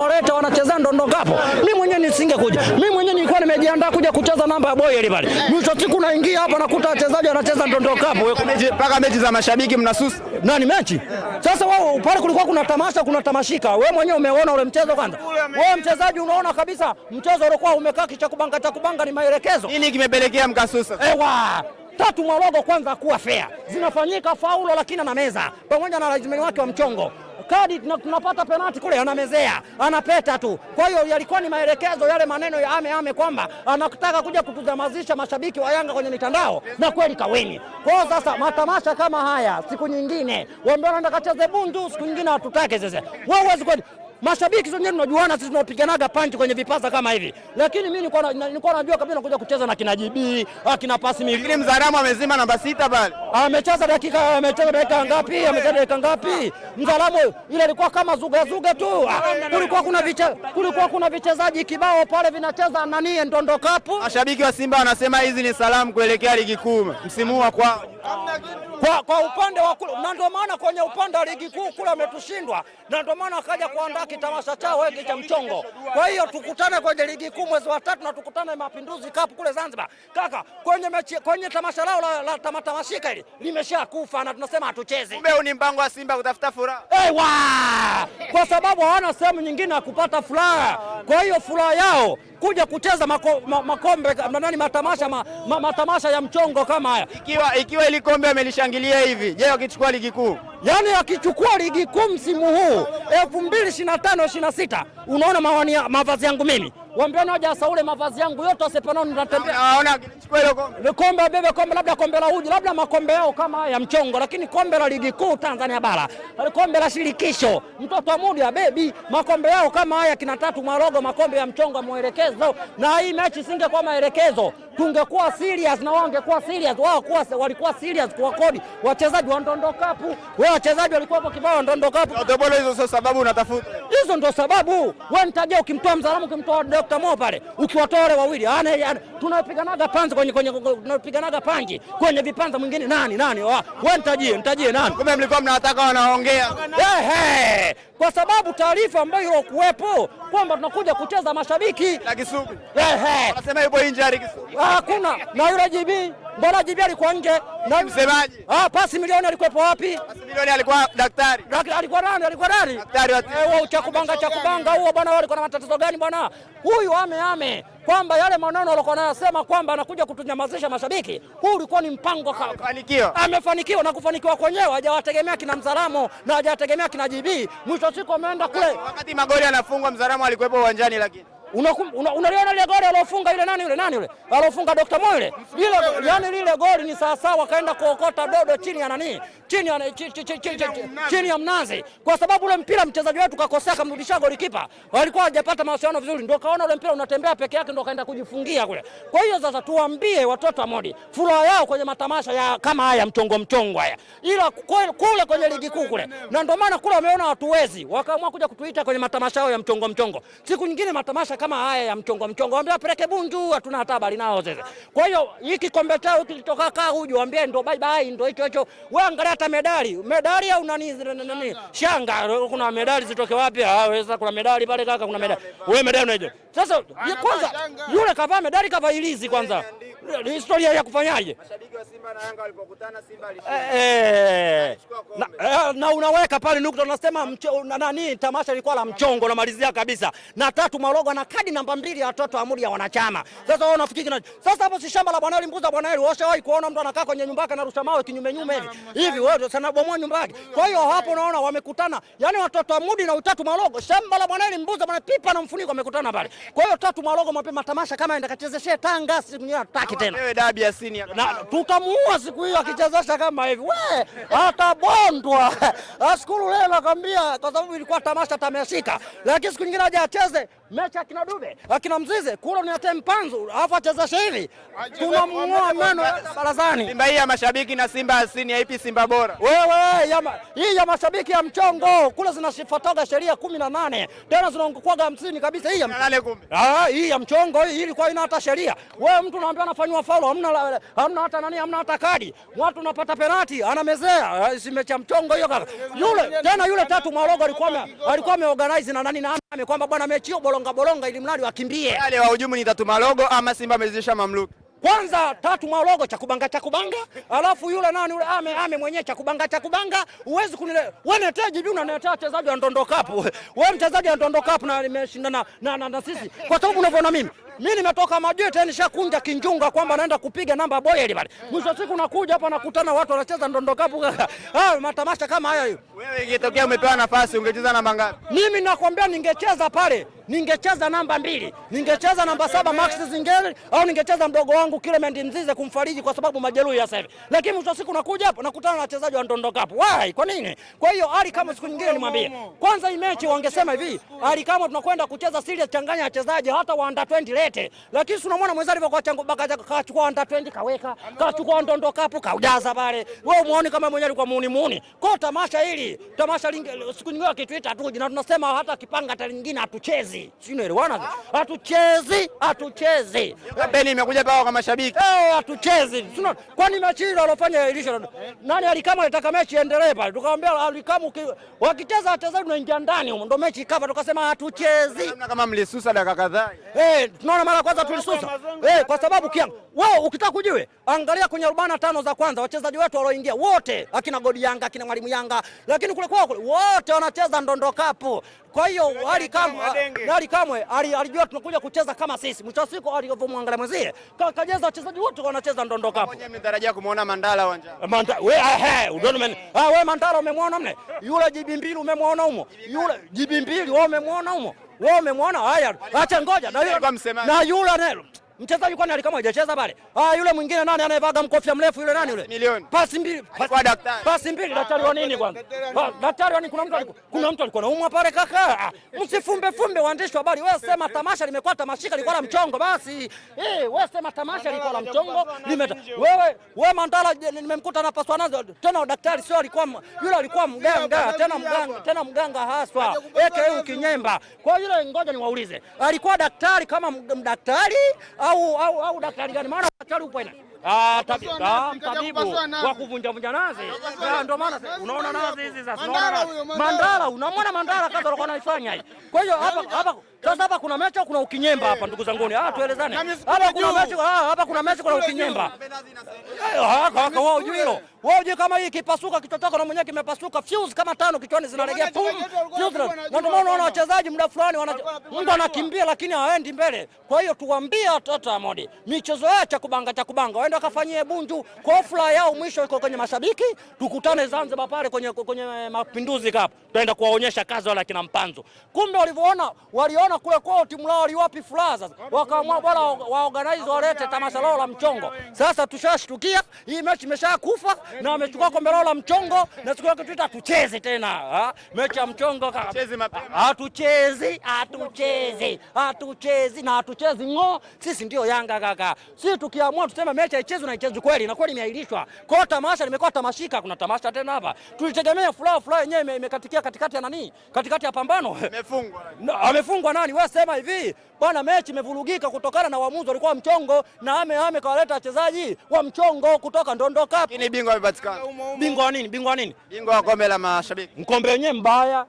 Oreta wanacheza ndondo ngapo? Mimi mwenyewe nisingekuja. Mimi mwenyewe nilikuwa nimejiandaa kuja kucheza namba ya boy ile pale. Eh. Mwisho siku naingia hapa nakuta wachezaji wanacheza ndondoka hapo. Paka mechi za mashabiki mnasusa. Nani mechi? Sasa wao pale kulikuwa kuna tamasha, kuna tamashika. Wewe mwenyewe umeona ule mchezo kwanza. Wewe mchezaji unaona kabisa mchezo ulikuwa umekaa kicha kubanga cha kubanga ni maelekezo. Nini kimepelekea mkasusa? Ewa. Tatu Mwalogo kwanza kuwa fair. Zinafanyika faulo lakini na meza pamoja na lazimeni wake wa mchongo kadi na tunapata penati kule, anamezea anapeta tu. Kwa hiyo yalikuwa ni maelekezo yale maneno ya ame ame kwamba anataka kuja kutuzamazisha mashabiki wa Yanga kwenye mitandao, na kweli kaweni. Kwa hiyo sasa matamasha kama haya siku nyingine waambie wanaenda kacheze bundu, siku nyingine hatutake. Sasa wewe huwezi kweli Mashabiki wenyewe tunajuana sisi, tunapiganaga panchi kwenye vipasa kama hivi, lakini mimi nilikuwa nilikuwa najua kabisa nakuja kucheza na kina JB akina pasi mimi. Lakini Mzaramo amezima namba sita pale, amecheza dakika amecheza dakika ngapi? Amecheza dakika ngapi? Mzaramo ile ilikuwa kama zuga zuga tu, kulikuwa kuna vicha, kulikuwa kuna vichezaji kibao pale vinacheza nani ndondo kapu. Mashabiki wa Simba wanasema hizi ni salamu kuelekea ligi kuu msimu wa kwa kwa, kwa upande wa kule, na ndio maana kwenye upande wa ligi kuu kule ametushindwa, na ndio maana akaja kuandaa kitamasha chao hiki cha mchongo. Kwa hiyo tukutane kwenye ligi kuu mwezi wa tatu na tukutane Mapinduzi Cup kule Zanzibar. Kaka, kwenye mechi, kwenye tamasha lao la, la tamatamasika hili limeshakufa na tunasema hatucheze. Kumbe ni mpango wa Simba kutafuta furaha. Hey, eh, wa! Kwa sababu hawana sehemu nyingine ya kupata furaha. Kwa hiyo furaha yao kuja kucheza mako, ma, makombe nani matamasha ma, ma, matamasha ya mchongo kama haya. Ikiwa ikiwa ile kombe amelishangilia hivi, je, wakichukua ligi kuu? yaani akichukua ligi kuu msimu huu 2025 26 unaona mavazi yangu mimi Wambiani waje asaule mavazi yangu yote asepanoni natembea. Naona nichukue ile kombe. Ni kombe bebe kombe labda kombe la uji labda makombe yao kama haya mchongo lakini kombe la ligi kuu Tanzania bara. Ni Kombe la shirikisho. Mtoto wa mudi ya bebi makombe yao kama haya kina tatu marogo makombe ya mchongo mwelekezo. Na hii mechi singekuwa maelekezo. Tungekuwa serious na wao wangekuwa serious. Wao kuwa walikuwa serious kwa kodi. Wachezaji wa ndondo Cup. Wao wachezaji walikuwa hapo kibao ndondo Cup. Ndio bora hizo sababu unatafuta. Hizo ndo sababu wewe nitajia, ukimtoa Mzaramo, ukimtoa Dr. Mo pale, ukiwatoa wale wawili, tunapiganaga panzi kwenye kwenye tunapiganaga pangi kwenye vipanza, mwingine nani nani, wewe nitajie, nitajie nani? Kumbe mlikuwa mnawataka wanaongea, ehe kwa sababu taarifa ambayo ilokuwepo kwamba tunakuja kucheza mashabiki na Kisubi, ehe, wanasema yupo nje injury Kisubi, ah, hakuna na yule JB, mbona JB alikuwa nje na msemaji ah, pasi milioni alikuwepo wapi? Pasi milioni alikuwa daktari, daktari alikuwa nani? Alikuwa nani? Daktari wa eh, e, cha kubanga cha kubanga huo bwana, wao walikuwa na matatizo gani bwana? Huyu ame ame kwamba yale maneno alikuwa anayasema kwamba anakuja kutunyamazisha mashabiki, huu ulikuwa ni mpango. Amefanikiwa na kufanikiwa kwenyewe, hajawategemea kina Mzaramo na hajawategemea kina JB. Mwisho siku ameenda kule, wakati magoli anafungwa Mzaramo alikuwepo uwanjani lakini Unaliona una, una ile goli alofunga yule nani yule nani yule alofunga Dr. Moyo yule ile, yani lile goli ni sawa sawa kaenda kuokota dodo chini ya nani chini ya ch, ch, ch, ch, chini ya mnazi, kwa sababu ule mpira mchezaji wetu kakosea, kamrudisha golikipa, walikuwa hajapata mawasiliano vizuri, ndio kaona ule mpira unatembea peke yake, ndio kaenda kujifungia kule. Kwa hiyo sasa tuambie watoto wa Modi, furaha yao kwenye matamasha ya kama haya mtongo mtongo haya, ila kule kwenye ligi kuu kule, na ndio maana kule wameona watu wezi wakaamua kuja kutuita kwenye matamasha yao ya mtongo mtongo Siku nyingine matamasha kama haya ya mchongo mchongo, waambie apeleke Bunju, hatuna hata habari nao zeze. Kwa hiyo hii kikombe chao kilitoka kaa huju, waambie ndo bye bye, ndo hicho hicho. Wewe angalia hata medali medali au nani nani shanga, kuna medali zitoke wapi? Ah, kuna medali pale kaka, kuna medali wewe medali unaje? Sasa kwanza yule kavaa medali kavaa ilizi kwanza, historia ya kufanyaje? Simba na Yanga walipokutana Simba alishinda. Eh. eh. Na, eh, na unaweka pale nukta unasema nani tamasha lilikuwa la mchongo na malizia kabisa. Na tatu Malogo na kadi namba mbili ya watoto amuri ya wanachama. Sasa wewe unafikiri na Sasa hapo si shamba la bwana limbuza bwana hili washawahi kuona mtu anakaa kwenye nyumba yake na rusha mawe kinyume nyume hivi. Hivi wewe sana bomoa nyumba yake. Kwa hiyo hapo unaona wamekutana. Yaani watoto amudi na utatu Malogo shamba la bwana Eli Mbuza bwana pipa na mfuniko wamekutana pale. Kwa hiyo tatu Malogo mapema tamasha kama endakachezeshe Tanga siku nyingine hataki tena. Wewe dabi ya senior. Na tutamu Kumuua siku hiyo akichezesha kama hivi, we atabondwa. Ashukuru leo nakwambia, kwa sababu ilikuwa tamasha tameshika, lakini siku nyingine aje acheze mechi akina Dube akina Mzize kule unilete mpanzu alafu achezeshe hivi, tunamng'oa meno barazani. Simba hii ya mashabiki na Simba asini, haipi Simba bora wewe ya ma, hii ya mashabiki ya mchongo kule zinafuataga sheria kumi na nane tena zinaongokwaga hamsini kabisa. Hii ya mchongo ah, hii ya mchongo hii ilikuwa ina hata sheria. Wewe mtu unaambia anafanywa faulo, hamna hamna hata nani, hamna hata kadi, watu unapata penati anamezea. Ah, si mechi ya mchongo hiyo kaka. Yule tena yule tatu Mwalogo alikuwa alikuwa ameorganize na nani na kwamba bwana, mechi hiyo bolonga bolonga, ili mradi wakimbie. Wale hujumu ni tatu malogo ama Simba amezidisha mamluki kwanza tatu marogo cha kubanga cha kubanga, alafu yule nani yule ame ame mwenyewe cha kubanga cha kubanga. Uwezi kunile wenetea jibu na wachezaji wa Ndondo Cup, wewe mchezaji wa Ndondo Cup na nimeshindana na na sisi, kwa sababu unavyoona mimi mimi nimetoka tena nishakunja kinjunga kwamba naenda kupiga namba boy ile pale. Mwisho siku nakuja hapa nakutana watu wanacheza ndondo kapu Ah, matamasha kama haya hiyo. Wewe ingetokea umepewa nafasi ungecheza namba ngapi? Mimi nakwambia ningecheza pale, ningecheza namba mbili, ningecheza namba saba Max Zingeli au ningecheza mdogo wangu Clement Mzize kumfariji kwa sababu majeruhi ya sasa hivi. Lakini mwisho siku nakuja hapa nakutana na wachezaji wa ndondo kapu. Why? Kwa nini? Kwa hiyo Ali kama siku nyingine nimwambie. Kwanza hii mechi wangesema hivi, Ali kama tunakwenda kucheza serious, changanya wachezaji hata wa under 20 leo kete, lakini unamwona mwenzao alivyokuwa kachukua anda 20 kaweka, kachukua ndondo kapu kaujaza pale. Wewe muone kama mwenyewe alikuwa muuni muuni. Kwa tamasha hili, tamasha lingi, siku nyingine akituita tu na tunasema hata kipanga hata lingine hatuchezi. Si unaelewana? Hatuchezi, hatuchezi. Beni imekuja hapa kama shabiki. Eh, hatuchezi. Kwani mechi ile alofanya ilisha nani alikama alitaka mechi endelee pale. Tukamwambia alikama wakicheza wachezaji unaingia ndani huko. Ndio mechi ikapa tukasema hatuchezi. Kama mlisusa dakika kadhaa. Eh, tunaona unaona mara kwanza tulisusa eh, kwa sababu kiang wewe ukitaka kujue, angalia kwenye 45 za kwanza wachezaji wetu walioingia wote, akina Godi Yanga, akina Mwalimu Yanga, lakini kule kwao kule wote wanacheza ndondo kapu. Kwa hiyo Ali Kamwe, Ali Kamwe alijua tunakuja kucheza kama sisi. Mwisho siku alivyomwangalia mwenzie kajeza wachezaji wote wanacheza ndondo kapu. Mimi natarajia kumuona Mandala uwanjani. Eh, Mandala wewe, ehe, unaona ah, we Mandala umemwona mne yule jibimbili umemwona humo, yule jibimbili mbili wewe umemwona humo wewe umemwona haya, acha ngoja na yule nelo Mchezaji kwani alikama hajacheza pale? Ah, yule mwingine nani anayevaga mkofia mrefu yule nani yule? Milioni. Pasi mbili. Pasi mbili ah, daktari wa nini kwanza? Ah, daktari wa nini kuna mtu alikuwa kuna mtu alikuwa anaumwa pale kaka. Ah, msifumbe fumbe waandishi wa habari. Wewe sema tamasha limekuwa tamashika liko la mchongo basi. Eh, wewe sema tamasha liko la mchongo limeta. Wewe wewe Mandala nimemkuta na paswa nazo tena daktari sio alikuwa yule alikuwa mganga tena mganga tena mganga haswa. Eke ukinyemba. Kwa hiyo yule ngoja niwaulize. Alikuwa daktari kama daktari au au au daktari gani? Maana daktari upo ina ah, ah, ah, ah tabibu wa vunja nazi, ndio maana unaona nazi hizi za Mandala. Mandala, unamwona Mandala kaza alikuwa anaifanya hii. Kwa hiyo hapa hapa sasa hapa kuna mechi au kuna ukinyemba hapa ndugu zangu? Ah, tuelezane. Hapa kuna mechi, ah, hapa kuna mechi kuna ukinyemba. Ah, kwa kwa wao juu hilo. Wao juu kama hii kipasuka kichwa chako na mwenyewe kimepasuka fuse kama tano kichwani zinalegea pum. Fuse. Na ndio maana wachezaji muda fulani wana mtu anakimbia lakini haendi mbele. Kwa hiyo tuwaambie watoto wa Modi, michezo yao cha kubanga cha kubanga waende wakafanyie bunju. Kwa Kofla yao mwisho iko kwenye mashabiki. Tukutane Zanzibar pale kwenye kwenye eh, Mapinduzi Cup. Tutaenda kuwaonyesha kazi wala kina Mpanzo. Kumbe walivyoona waliona Mbona kule kwao timu lao waliwapi furaha sasa? Wakaamua bora waorganize walete tamasha lao la mchongo. Sasa tushashtukia hii mechi imeshakufa na wamechukua kombe lao la mchongo na siku yake tuita tucheze tena. Ha? Mechi ya mchongo kaka. Tucheze mapema. Hatuchezi, hatuchezi, hatuchezi na hatuchezi ng'o. Sisi ndio Yanga kaka. Sisi tukiamua tuseme mechi haichezwi na ichezwe kweli na kweli imeahirishwa. Kwa tamasha limekuwa tamashika, kuna tamasha tena hapa. Tulitegemea furaha furaha yenyewe imekatikia katikati ya nani? Katikati ya pambano. Amefungwa. Amefungwa nani? Wewe sema hivi bwana, mechi imevurugika kutokana na uamuzi walikuwa mchongo na ame ame kawaleta wachezaji wa mchongo kutoka Ndondo Cup. Ni bingwa amepatikana. Bingwa wa nini? Bingwa wa nini? Bingwa wa kombe la mashabiki. Mkombe wenyewe mbaya.